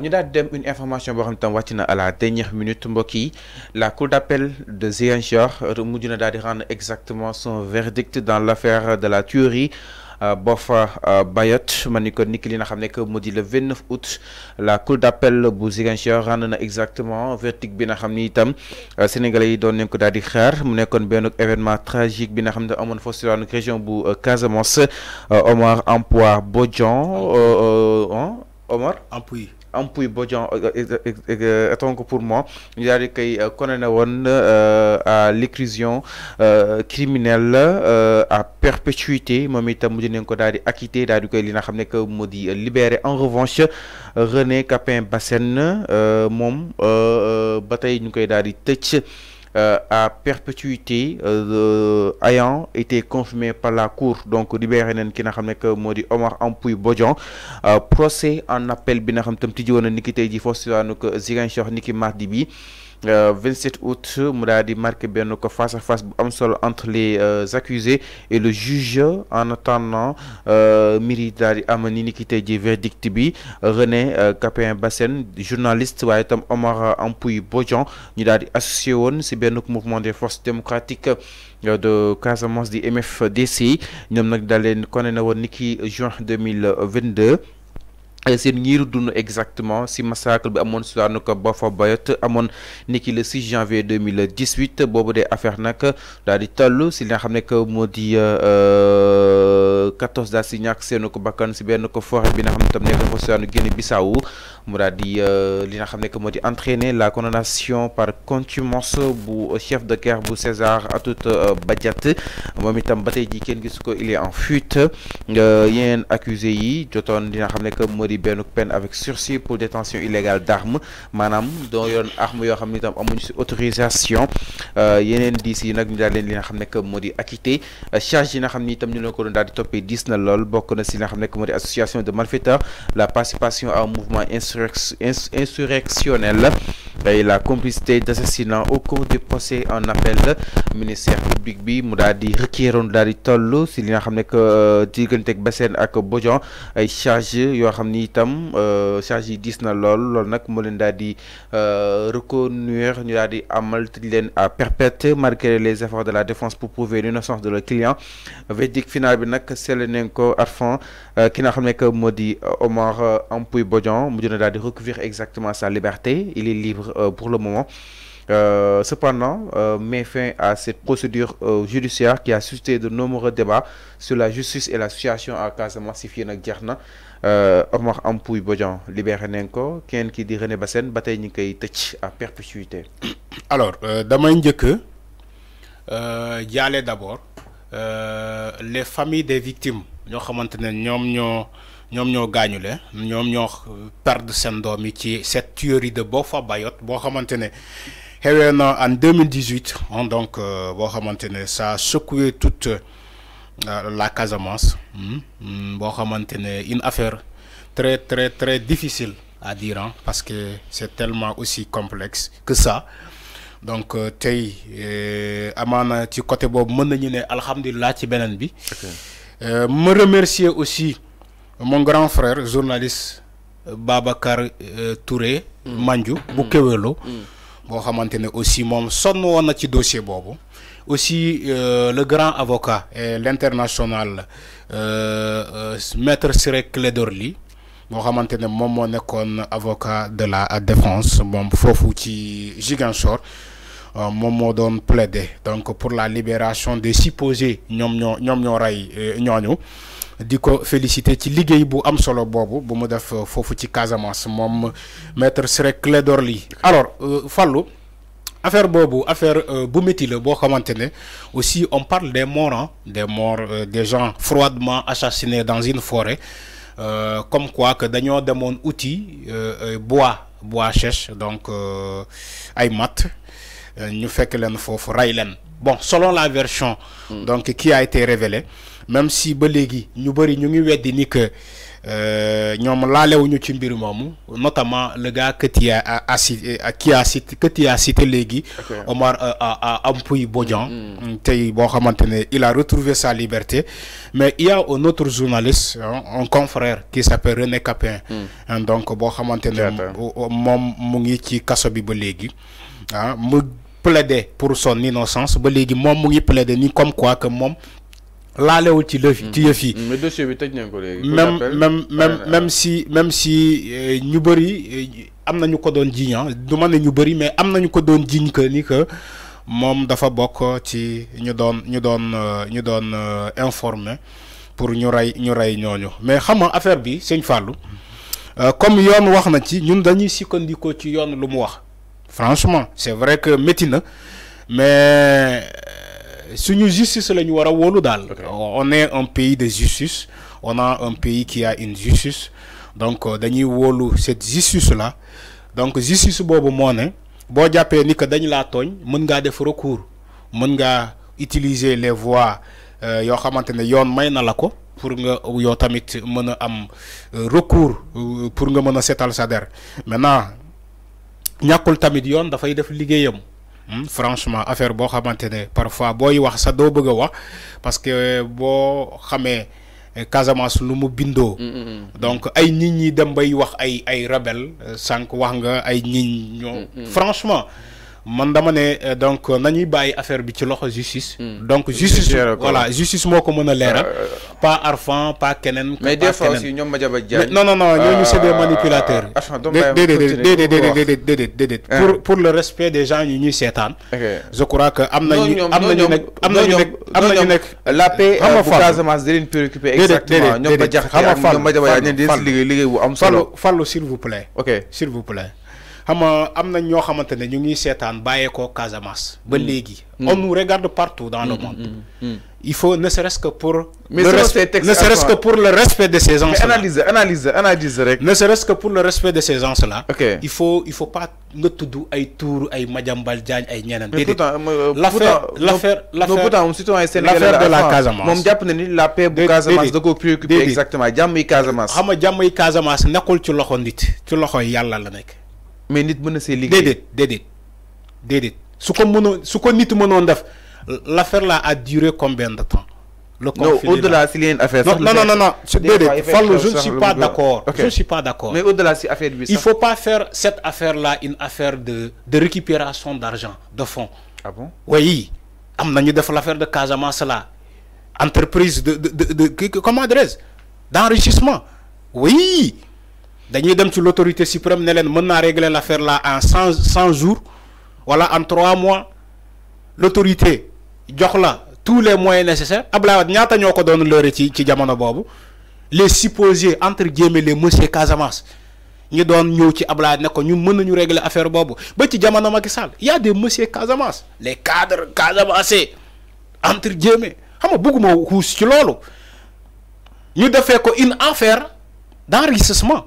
Nous daal dem une information pour xam ne tam à la dernière minute mbokk la cour d'appel de Ziguinchor mujj na rendre exactement son verdict dans l'affaire de la tuerie euh, Boffa euh, Bayotte ma ni ko niki li que mu le 29 août la cour d'appel de Ziguinchor rend exactement verdict bin nga xam euh, sénégalais yi doon nañ ko daal di mu événement tragique bi nga xam ne amoon foofu région bu Casamance Omar Empois Bodian hein, Omar Empois Ampuy Bodian donc pour moi ñu daal di koy condamné euh, woon euh, à réclusion euh, criminelle à perpétuité moom itam mujj nañ ko dadi acquitter dadi daal koy li nga xamne ne que moo di en revanche René Capin Bassène mom ba tey ñu koy daal di euh, à perpétuité euh, euh, ayant été confirmé par la cour donc libéré nañ ki nga xamné que modi di Omar Ampuy Bodian euh, procès en appel bi nga xam tam tidi wona niki ni ki tey ji foofu euh, mardi bi 27 euh, août nous avons marqué face à face entre les euh, accusés et le juge en attendant euh, René euh, Capin Bassène journaliste Omar Ampouy Bojan, associé mouvement des forces démocratiques de Casamance du MFDC Nous avons dit que nous juin 2022 seen ngiiru dund exactement si massacre bi amoon sulaanu ko Boffa Bayotte amoon ni ki le 6 janvier 2018 boobu dee affaire nag daal di toll si li nga xam ne que moo di 14 euh, daal si ñàkk seenu ko bakkan si benn ko forêt bi nga xam tam nekk fa sulaanu Guinée Bissau modi daal di euh, li nga entraîné entraîner la condamnation par contumace bu chef de guerre bu César à toute euh, moom itam tam tey dit qu'il ko est en fuite euh, yeneen accusé yi jotoon li nga xam ne que moo peine avec sursis pour détention illégale d'armes manam dont yoon arme yoo xam ne itam autorisation yeneen diis yi nag ñu daal leen li nga que acquitté charge yi nga comme ne dit leen ko doon daal di association de malfaiteurs la participation à un mouvement insurrectionnel insurrectionnelle ben, et la complicité d'assassinat au cours du procès en appel ministère public bi mou dadi di requéroon daal di si li nga xamné que euh, digganteeg Bassène ak Bodian ay charge yo xamni ni itam euh, charge yi diis na lool loolu nag moo leen daal euh, reconnuire ñu dadi amal à perpète malgré les efforts de la défense pour prouver l'innocence de leur client verdict final bi nak seetlu nañ ko Arfan ki nga xamné que Modi Omar Ampuy Bodian mu de recouvrir exactement sa liberté il est libre euh, pour le moment Euh, cependant, euh, met fin à cette procédure euh, judiciaire qui a suscité de nombreux débats sur la justice et la situation à Casamance si fii nag euh, Omar Ampouy Bodian libéré nañ ko qui dit René Bassène ba tey koy à perpétuité. alors euh, damay que j'allais d'abord les familles des victimes ñoo ñoom ñoo gaañule ñoom ñoo perdre seen doom yi ci cette théorie de Bofa Bayot boo xamante ne xewee na en 2018 on hein, donc euh, boo xamante ne ça a secoué toute euh, la Casamance hein, hmm, boo xamante ne une affaire très très très difficile à dire hein, parce que c'est tellement aussi complexe que ça donc euh, tey amaana ci côté boobu mën nañu ne alhamdulilah ci beneen bi. ma remercier aussi mon grand frère journaliste euh, Babacar euh, Touré. Mm. Mandjou, mm. bu Kéwélo. Mm. boo aussi un sonn dossier aussi euh, le grand avocat et l'international maître Ciré Clédor Ly boo un avocat de la défense mon foofu ci Ziguinchor sor, mon donne plaider donc pour la libération des supposés qui ont été diko félicité ci liguey bu am solo bobu bu mu def euh, fofu ci Casamance mom maître Ciré Clédor d'orly alors euh, Fallou affaire bobu affaire euh, bu métti la boo aussi on parle des morts hein, des morts des gens froidement assassinés dans une forêt comme quoi que de mon outil bois bois sèche donc ay mat ñu fekk len fofu ray len bon selon la version hmm. donc qui a été révélée même si ba nous avons dit ñu ngi ni que que euh, nous, ci mbir notamment le gars que tu as euh, euh, qui a cité que tu as cité Omar a nous Bodian dit mm. mm, que il a retrouvé sa liberté mais il y a un autre journaliste hein, un confrère qui s'appelle René Capin mm. hein, donc Bohamantene xamantene que mu ngi ci bi ah, plaidé pour son innocence ba que nous mu ngi plaidé ni comme quoi que ci leuf ci mais dossier bi même même même même si même si euh, euh, ñu ko doon ah. ne mais ko doon ni que mom dafa bok ci ñu doon ñu doon euh, ñu doon pour ñu ray ñu mais xam affaire bi seigne comme yoon wax na ci ñun dañuy ci franchement c'est vrai que metina mais suñu justice la ñu war a on est un pays de justice on a un pays qui a une justice donc euh, dañuy wóolu cette justice là donc justice boobu moo ne boo jàppee ni que dañ laa tooñ mën ngaa def recours mën ngaa utiliser les voies euh, yo xamantene ne yoon may na la ko pour nga yow tamit mën a am euh, recours pour nga mën a seetal sa der maintenant ñàkkul tamit yoon dafay def liggéeyam. Hmm, franchement affaire bo xamantene parfois boy wax sa do bëgg wax parce que bo xamee eh, Casamance lu mu bindoo. Hmm, hmm, donc ay nit ñi dem bay wax ay ay rebelle eh, sank wax nga ay nit ñoo franchement man dama euh, donc euh, affaire bi justice. Hmm. donc justice voilà justice moko meuna a pas Arfan pas kenan mais des fois aussi non non non nous ah, c'est des manipulateurs. pour le respect des gens unis ñuy je crois que la paix euh, exactement ba s'il vous plaît. ok s'il vous plaît xam nga am na ñoo xamante ne ñu ngi seetaan bàyyeekoo Casamance. ba mm. léegi. Mm. on nous regarde partout dans le mm, monde. il faut ne serait-ce que pour. ne serait-ce que pour le respect de ces gens. mais analyse analyse analyse rek. ne serait-ce que pour le respect de ces gens là. ok il faut il faut pas nga tudd ay tour ay Madiambal Diagne ay ñeneen. déedéet l'affaire euh, l'affaire l'affaire pourtant citoyen de la Casamance. mom japp na ni la paix bu Casamance da ko préoccuper exactement jàmm yi Casamance. xam nga jàmm yi Casamance nekkul ci loxo nit ci loxo yalla la nek mais nit mën na see liggéey déedéet déedéet ce su ko mënoon su ko nit mënoon def l'affaire là a duré combien de temps. le conflit non au-delà si une affaire non non non non Dédé, fallo. je ne suis pas d'accord je ne suis pas d'accord mais au-delà si affaire bi il faut pas faire cette affaire là une affaire de de récupération d'argent de fonds. ah bon oui am nañu def l'affaire de Casamance là entreprise de de de comment adresse d'enrichissement oui dañuy dem ci l'autorité suprême ne leen mën naa régler l'affaire là en 100 cent jours wala en trois mois l'autorité jox la tous les moyens nécessaires Ablaye Wade ñaata ñoo ko doon lëre ci ci jamono boobu les supposés entre guillemets les monsieur Casamance ñu doon ñëw ci Ablaye Wade ne ko ñun mën nañu régler affaire boobu ba ci jamono Macky Sall y a des monsieur Casamance les cadres Casamance entre guillemets xam nga bëgguma xuus ci loolu ñu defee ko une affaire d'enrichissement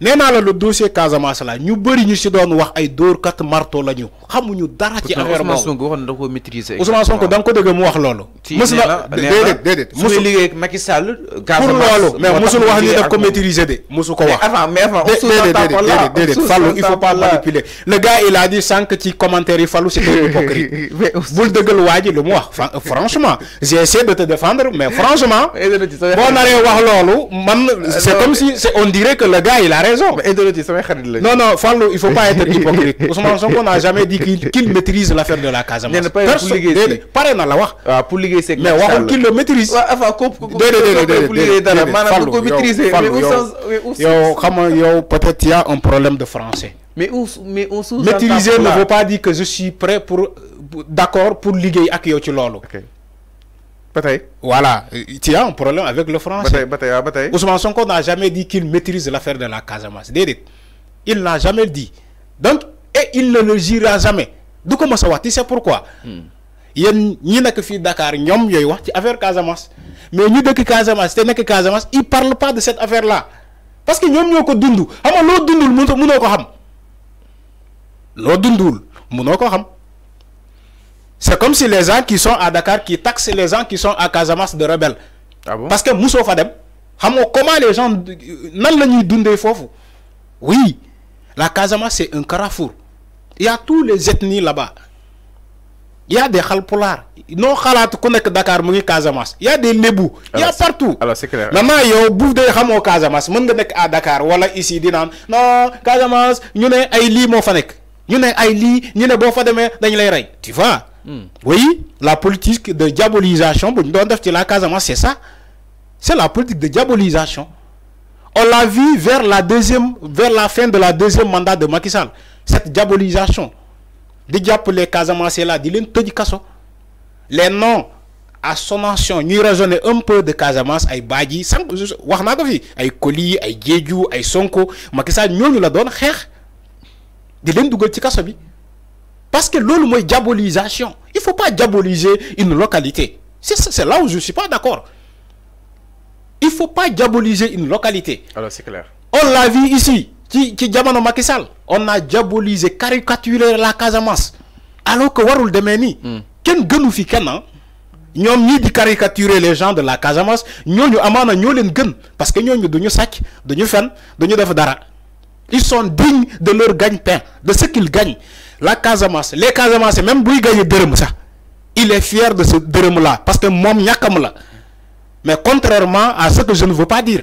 la le dossier Casamance ñu bari ñu ci doon wax ay marto la ñu xamuñu dara. ci affaire boobu Ousmane Sonko na da maîtriser. Ousmane Sonko da ko mu wax lolu musul Macky Sall. mais musul wax ni nous ko maîtriser de. musu ko wax avant il faut pas manipuler. le gars il a dit sank ci commentaire yi ci bul lu mu wax franchement j'ai essayé de te défendre mais franchement. wax euh, c'est comme si on dirait que le gars il a raison. Non, non, fallo il ne faut pas être hypocrite. Ousmane Sonko n'a jamais dit qu'il qu maîtrise l'affaire de la Casamance. Personne. Pareil dans la wax. Ah, pour liguer c'est Mais waxul qu'il le maîtrise. Enfin, pour yo Peut-être il y a un problème de français. Mais où, mais on sous Maîtriser ne veut pas dire que je suis prêt pour d'accord pour liguer avec yow ci voilà, tu as un problème avec le français. Ah, Ousmane Sonko n'a jamais dit qu'il maîtrise l'affaire de la Casamance. Il n'a jamais dit. Donc, et il ne le dira jamais. Donc, comment ça Tu sais pourquoi Il y a des Dakar, qui ont affaire Casamance. Mais nous, qui Casamance, Casamance, ils ne parlent pas de cette affaire-là. Parce que ñom ñoko dundou. nous, nous, lo dundul mëno ko xam. Lo dundul mëno ko xam. C'est comme si les gens qui sont à Dakar qui taxent les gens qui sont à Casamance de rebelles. Ah bon? Parce que Mousso Fadem, comment les gens. Oui, la Casamance c'est un carrefour. Il y a toutes les ethnies là-bas. Il y a des Khalpolars. Non, Khalat connaît Dakar, à Casamas. Il y a des Mebou. Il y a partout. Alors c'est clair. Maintenant, il y a au bout de Hamo Casamas. sont à Dakar. Voilà ici, Dinan. Non, Casamas, nous sommes à mon Mofanek. Nous sommes à Ili, nous sommes à Bofademe, dans les Tu vois? Mm. oui la politique de diabolisation c'est ça c'est la politique de diabolisation on l'a vu vers la deuxième vers la fin de la deuxième mandat de Macky Sall cette diabolisation les casamans, c'est là di leen tëj ça. les noms à son ancien, nous raisonnons un peu de Casamance ay Badji sànq ko fi ay Koli ay Diédhiou ay Sonko Macky Sall nous la doon xeex di leen dugal ci ça. Parce que l'eau, est diabolisation. Il ne faut pas diaboliser une localité. C'est là où je ne suis pas d'accord. Il ne faut pas diaboliser une localité. Alors, c'est clair. On l'a vu ici, qui, qui diamant On a diabolisé, caricaturé la Casamance. Alors que Warul Demeni, quel hmm. genoufi qu'un ah. ont mis de caricaturer les gens de la Casamance ñooñu amaana ñoo leen gën parce que ont sac nous duñu fen duñu des dara ils sont dignes de leur gagne-pain de ce qu'ils gagnent la Casamance les Casamance même Bouygaye gagné il est fier de ce dërëm là parce que Mom comme la mais contrairement à ce que je ne veux pas dire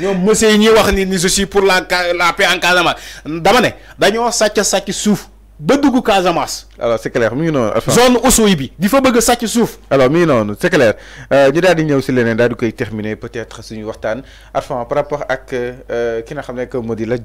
ñoom monsieur yi ñuy wax ni ni je suis pour la la paix en Casamance dama ne dañoo sàcc sàcc suuf ba dugg Casamance. alors c' est mi ngi noonu. zone Oussouye bi di fa bëgg sàcc suuf. alors mi ngi noonu c' euh, ñu daal di ñëw si leneen daal di koy terminer peut-être suñu waxtaan Arfan par rapport ak euh, ki na xam ne que moo di la